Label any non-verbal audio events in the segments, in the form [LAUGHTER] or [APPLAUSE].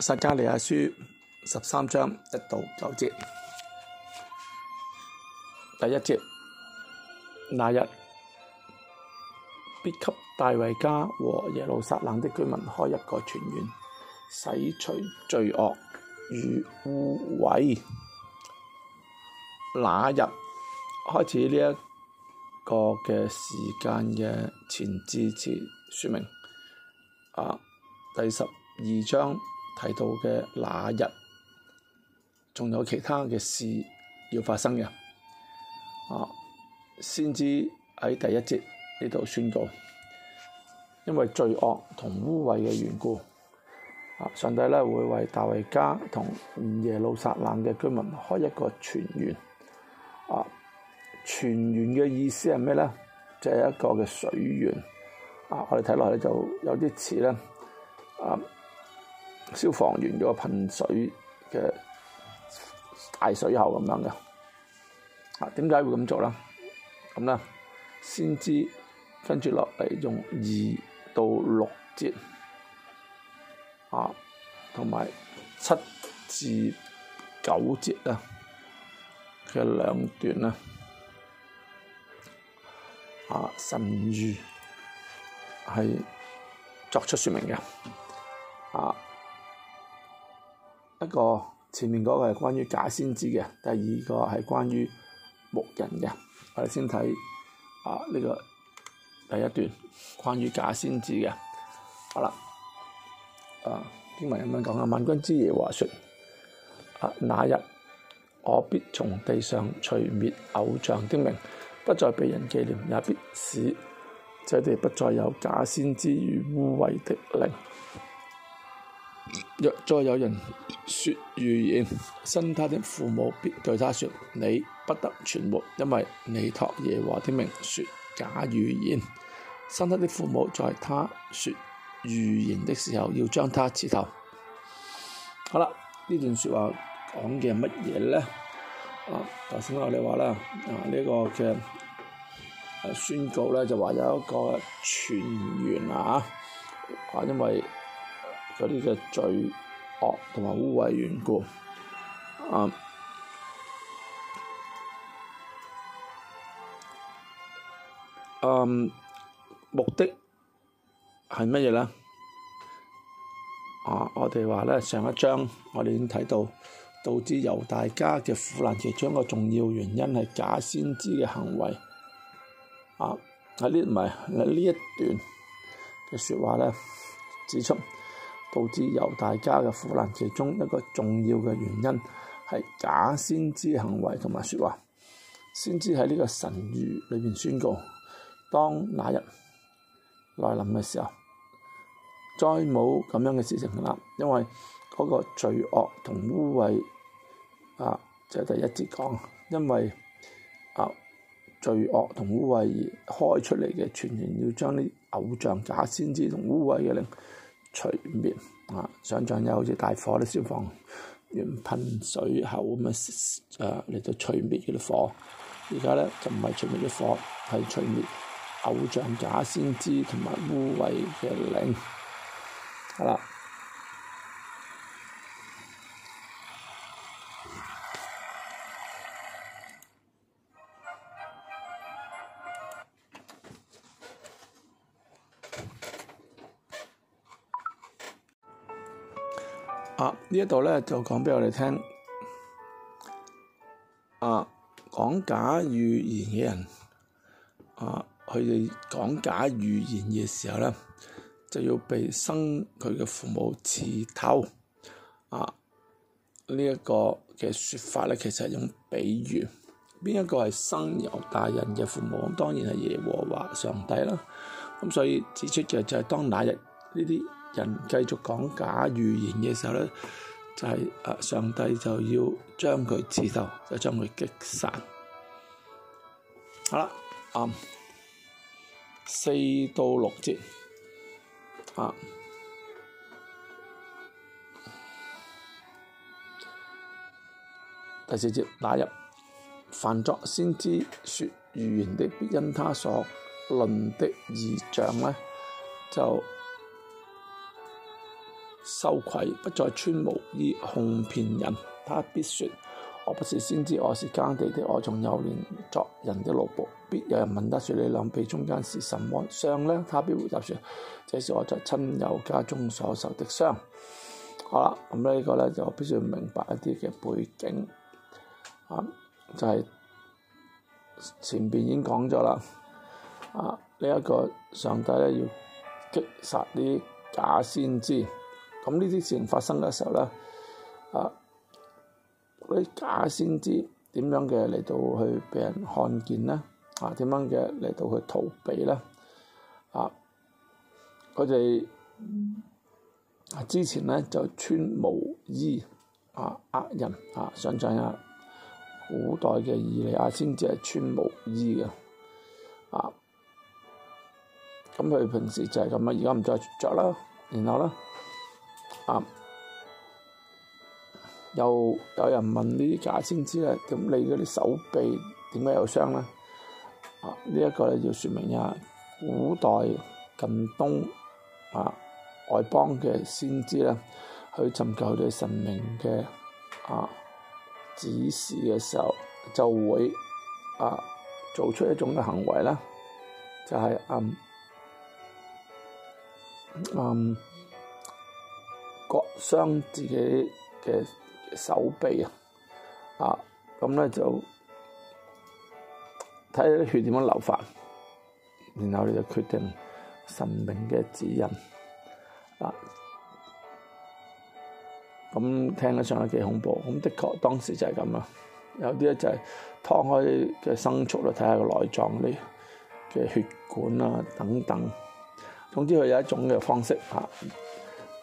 撒迦利亞書十三章一到九節，第一節，那日必給大衛家和耶路撒冷的居民開一個泉源，洗除罪惡與污穢。那日開始呢一個嘅時間嘅前置詞説明，啊，第十二章。提到嘅那日，仲有其他嘅事要發生嘅，哦、啊，先知喺第一節呢度宣告，因為罪惡同污穢嘅緣故，啊，上帝咧會為大衛家同耶路撒冷嘅居民開一個泉源，啊，泉源嘅意思係咩咧？就係、是、一個嘅水源，啊，我哋睇落去就有啲似咧，啊。消防員嗰個噴水嘅大水喉咁樣嘅，啊，點解會咁做咧？咁咧，先知跟住落嚟用二到六節啊，同埋七至九節啊嘅兩段呢，啊，啊神諭係作出説明嘅啊。一個前面嗰個係關於假先知嘅，第二個係關於牧人嘅。我哋先睇啊呢、這個第一段關於假先知嘅。好啦，啊經文咁樣講啊，萬軍之耶和華說：啊那日我必從地上除滅偶像的名，不再被人紀念，也必使這地不再有假先知與污穢的靈。若再有人說預言，生他的父母必對他說：你不得存活，因為你託耶和華的名說假預言。生他的父母在他說預言的時候，要將他刺透。好啦，呢段話說話講嘅乜嘢呢？啊，頭先我哋話啦，啊呢、這個嘅、啊、宣告呢就話有一個傳言啊，啊因為。嗰啲嘅罪惡同埋污穢緣故，嗯、啊，嗯、啊，目的係乜嘢咧？啊，我哋話咧，上一章我哋已經睇到導致猶大家嘅苦難其中一個重要原因係假先知嘅行為。啊，喺呢唔係喺呢一段嘅説話咧，指出。導致猶大家嘅苦難其中一個重要嘅原因係假先知行為同埋説話，先知喺呢個神諭裏邊宣告：當那日來臨嘅時候，再冇咁樣嘅事情啦。因為嗰個罪惡同污穢啊，就係第一節講，因為啊罪惡同污穢而開出嚟嘅，全然要將啲偶像假先知同污穢嘅靈。除滅啊！想象一下，好似大火啲消防員噴水喉咁樣誒嚟到除滅佢啲火，而家咧就唔係除滅啲火，係除滅偶像假先知同埋污穢嘅靈，係、啊、啦。啊！呢度咧就講俾我哋聽，啊講假預言嘅人，啊佢哋講假預言嘅時候咧，就要被生佢嘅父母刺透，啊呢一個嘅說法咧，其實係用比喻，邊一個係生猶大人嘅父母？咁當然係耶和華上帝啦。咁所以指出嘅就係當那日呢啲。人繼續講假預言嘅時候咧，就係啊上帝就要將佢刺頭，就將佢擊散。好啦，啱。四到六節啊，第四節打入凡作先知説預言的，必因他所論的異象咧，就。羞愧，不再穿毛衣哄騙人。他必説：我不是先知，我是耕地的。我從幼年作人的奴僕，必有人問他：説你兩臂中間是什麼傷呢？他必回答説：這我是我在親友家中所受的傷。好啦，咁、嗯、呢、這個呢，就必須明白一啲嘅背景啊，就係、是、前邊已經講咗啦。啊，呢、這、一個上帝呢，要擊殺啲假先知。咁呢啲事情發生嘅時候咧，啊，啲假先知點樣嘅嚟到去被人看見咧？啊，點樣嘅嚟到去逃避咧？啊，佢哋啊，之前咧就穿毛衣啊，呃人啊，想象下古代嘅以利亞先至係穿毛衣嘅啊，咁佢平時就係咁啊，而家唔再着啦，然後咧。啊！又有人問呢啲假先知啦，咁你嗰啲手臂點解有傷咧？啊，這個、呢一個咧要說明一下，古代近東啊外邦嘅先知咧，去尋求佢哋神明嘅啊指示嘅時候，就會啊做出一種嘅行為啦，就係暗暗，嗯嗯傷自己嘅手臂啊！啊，咁咧就睇下啲血點樣流法，然後你就決定神明嘅指引啊！咁聽得上咧幾恐怖，咁的確當時就係咁啊！有啲咧就係劏開嘅牲畜咧，睇下個內臟啲嘅血管啊等等，總之佢有一種嘅方式啊！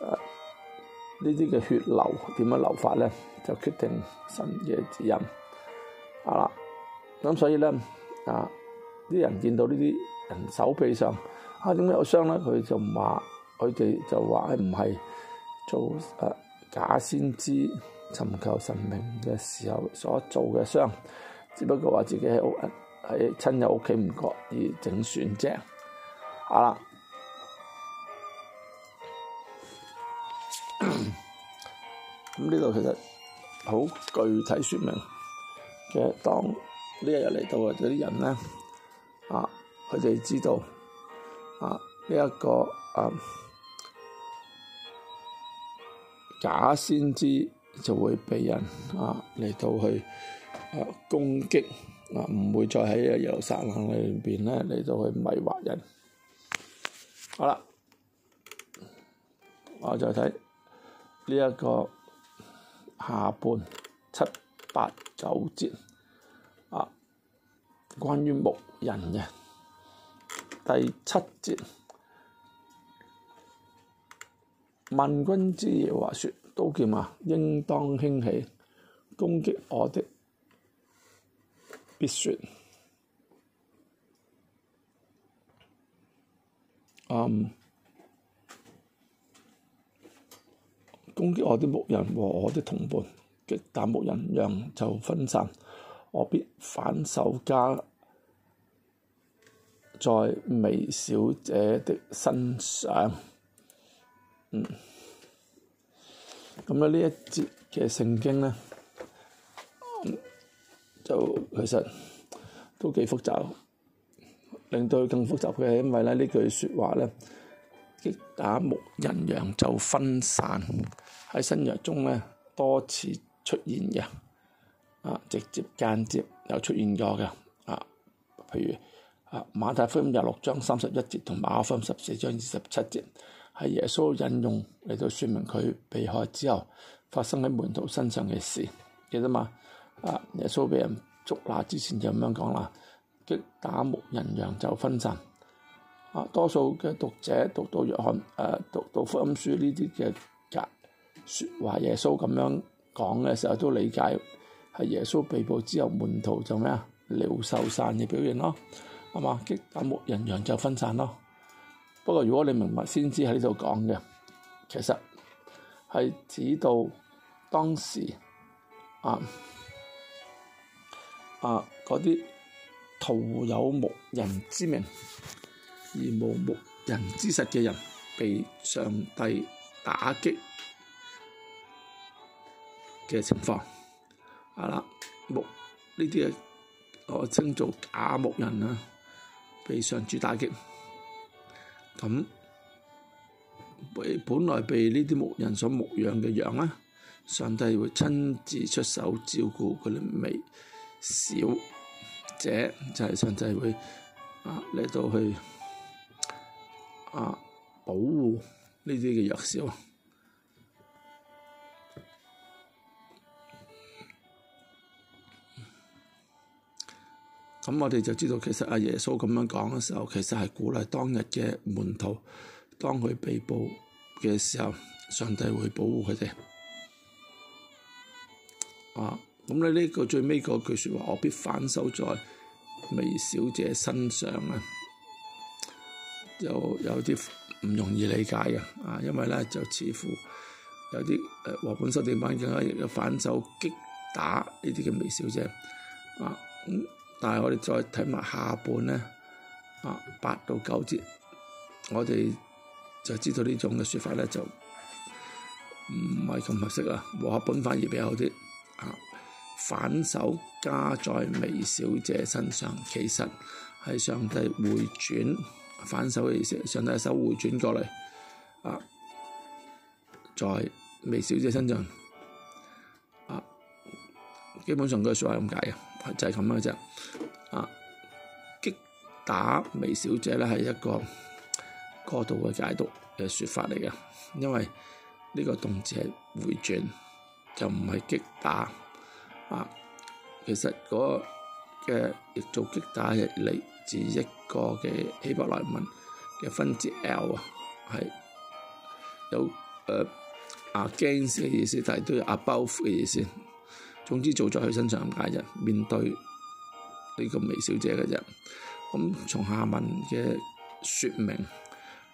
啊呢啲嘅血流點樣流法咧，就決定神嘅旨意。啊啦，咁所以咧，啊啲人見到呢啲人手臂上啊點解有傷咧，佢就話，佢哋就話係唔係做誒、啊、假先知尋求神明嘅時候所做嘅傷，只不過話自己喺屋喺親友屋企唔覺意整損啫。啊啦。咁呢度其實好具體説明嘅，其實當呢一日嚟到啊，嗰啲人咧啊，佢哋知道啊呢一個啊假先知就會俾人啊嚟到去啊攻擊啊，唔會再喺耶路撒冷裏邊咧嚟到去迷惑人。好啦，我再睇呢一個。下半七八九節啊，關於牧人嘅第七節，萬軍之耶華說：刀劍啊，應當興起攻擊我的必說，別説，嗯。攻擊我的牧人和我的同伴，擊打牧人，羊就分散。我必反手加在微小姐的身上。嗯。咁咧呢一節嘅聖經咧，就其實都幾複雜，令到佢更複雜嘅係因為咧呢句説話咧。擊打牧人，羊就分散，喺新約中呢，多次出現嘅，啊直接間接有出現過嘅，啊譬如啊馬太福音廿六章三十一節同馬可福音十四章二十七節，係耶穌引用嚟到說明佢被害之後發生喺門徒身上嘅事，記得嘛？啊耶穌俾人捉拿之前就咁樣講啦，擊打牧人，羊就分散。多數嘅讀者讀到約翰誒讀到福音書呢啲嘅説話，耶穌咁樣講嘅時候都理解，係耶穌被捕之後，門徒就咩啊？鳥獸散嘅表現咯，係嘛？擊打牧人羊就分散咯。不過如果你明白先知喺呢度講嘅，其實係指到當時啊啊嗰啲徒有牧人之名。而無牧人之實嘅人被上帝打擊嘅情況，係啦，牧呢啲嘢我稱做假牧人啊，被上主打擊，咁被本來被呢啲牧人所牧養嘅羊咧，上帝會親自出手照顧佢哋微小者，就係上帝會啊嚟到去。啊！保護呢啲嘅弱小，咁 [LAUGHS] 我哋就知道，其實阿耶穌咁樣講嘅時候，其實係鼓勵當日嘅門徒，當佢被捕嘅時候，上帝會保護佢哋。啊！咁咧呢個最尾嗰句説話說，何必反手在微小姐身上啊？有有啲唔容易理解嘅啊，因為咧就似乎有啲誒和本收定板更加有反手擊打呢啲嘅微小姐啊。嗯，但係我哋再睇埋下半咧啊八到九節，我哋就知道種說呢種嘅説法咧就唔係咁合適啊。和本反而比較好啲啊，反手加在微小姐身上，其實係上帝回轉。反手嘅意思，上一手回轉過嚟，啊，在微小姐身上，啊，基本上佢嘅説話係咁解嘅，就係咁樣嘅啫。啊，擊打微小姐咧係一個過度嘅解讀嘅説法嚟嘅，因為呢個動詞係回轉，就唔係擊打。啊，其實嗰個嘅亦做擊打係你。指一個嘅希伯來文嘅分詞 l 啊，係有誒啊 against 嘅意思，但係都有 above 嘅意思。總之做在佢身上唔解人，面對呢個薇小姐嘅人。咁從下文嘅説明，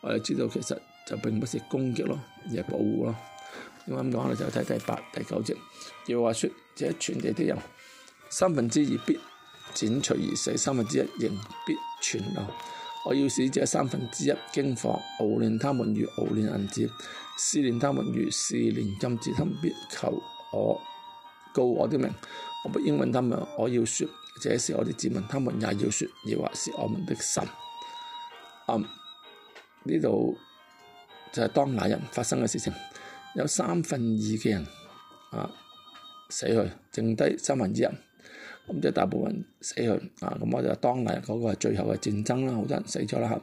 我哋知道其實就並不是攻擊咯，而係保護咯。點解講？我哋就睇第八、第九節。要話説，這全地的人三分之二必剪除而死，三分之一仍必存留。我要使這三分之一經火熬煉他們如熬煉銀子，試煉他們如試煉金子，他們必求我告我的名。我不應允他們，我要說，這是我的子民，他們也要說，耶和華是我們的神。嗯，呢度就係當那日發生嘅事情，有三分二嘅人啊死去，剩低三分之一。咁即係大部分人死去啊！咁我就當日嗰個係最後嘅戰爭啦，好多人死咗啦嚇。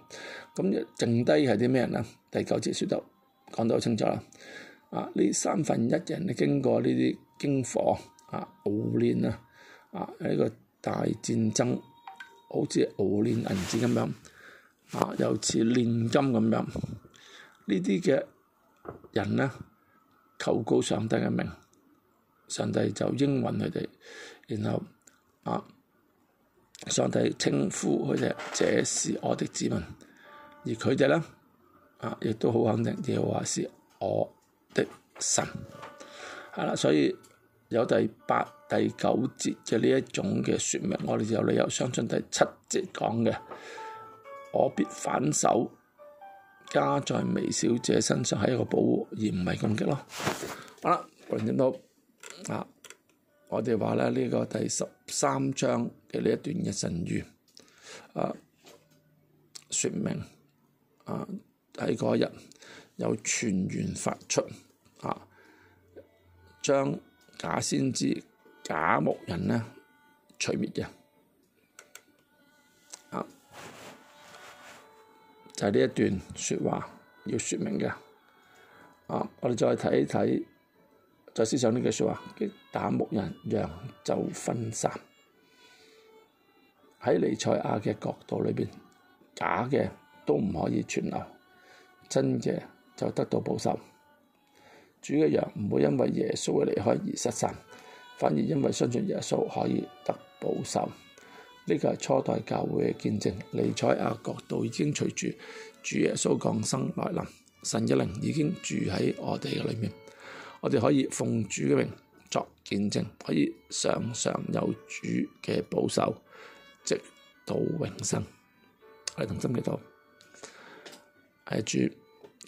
咁、啊、剩低係啲咩人咧？第九節說到講得好清楚啦。啊，呢三分一嘅人咧，經過呢啲經火啊熬煉啊啊呢、呢個大戰爭，好似熬煉銀子咁樣啊，又似煉金咁樣呢啲嘅人咧，求告上帝嘅名，上帝就應允佢哋，然後。啊、上帝稱呼佢哋，這是我的子民，而佢哋呢，啊，亦都好肯定，亦話是我的神。係、啊、啦，所以有第八、第九節嘅呢一種嘅説明，我哋有理由相信第七節講嘅，我必反手加在微小者身上，係一個保護，而唔係攻擊咯。好、啊、啦，我哋轉到啊。我哋話呢個第十三章嘅呢一段嘅神語，啊，説明啊喺嗰日有泉源發出啊，將假先知、假牧人咧除滅嘅，啊，就係呢一段説話要説明嘅，啊，我哋再睇一睇。再思想呢句説話：擊打牧人，羊就分散。喺尼賽亞嘅國度裏邊，假嘅都唔可以存留，真嘅就得到保守。主嘅羊唔會因為耶穌嘅離開而失散，反而因為相信耶穌可以得保守。呢個係初代教會嘅見證。尼賽亞國度已經隨住主耶穌降生來臨，神一靈已經住喺我哋嘅裏面。我哋可以奉主嘅名作見證，可以常常有主嘅保守，直到永生。我、哎、同心祈禱，阿、哎、主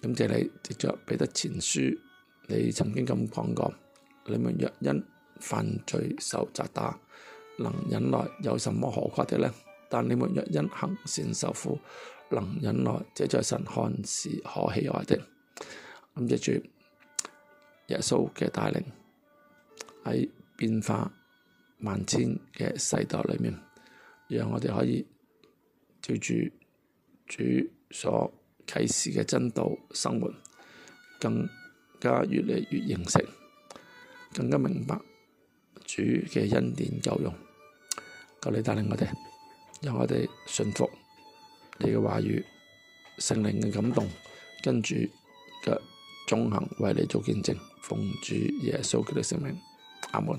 感謝你，藉著彼得前書，你曾經咁講過：你們若因犯罪受責打，能忍耐，有什麼可誇的呢？但你們若因行善受苦，能忍耐，這在神看是可喜愛的。感謝主。耶穌嘅帶領喺變化萬千嘅世代裏面，讓我哋可以照住主所啟示嘅真道生活，更加越嚟越認識，更加明白主嘅恩典夠用。求你帶領我哋，讓我哋信服你嘅話語，聖靈嘅感動，跟住腳中行為你做見證，奉主耶穌基督聖名，阿門。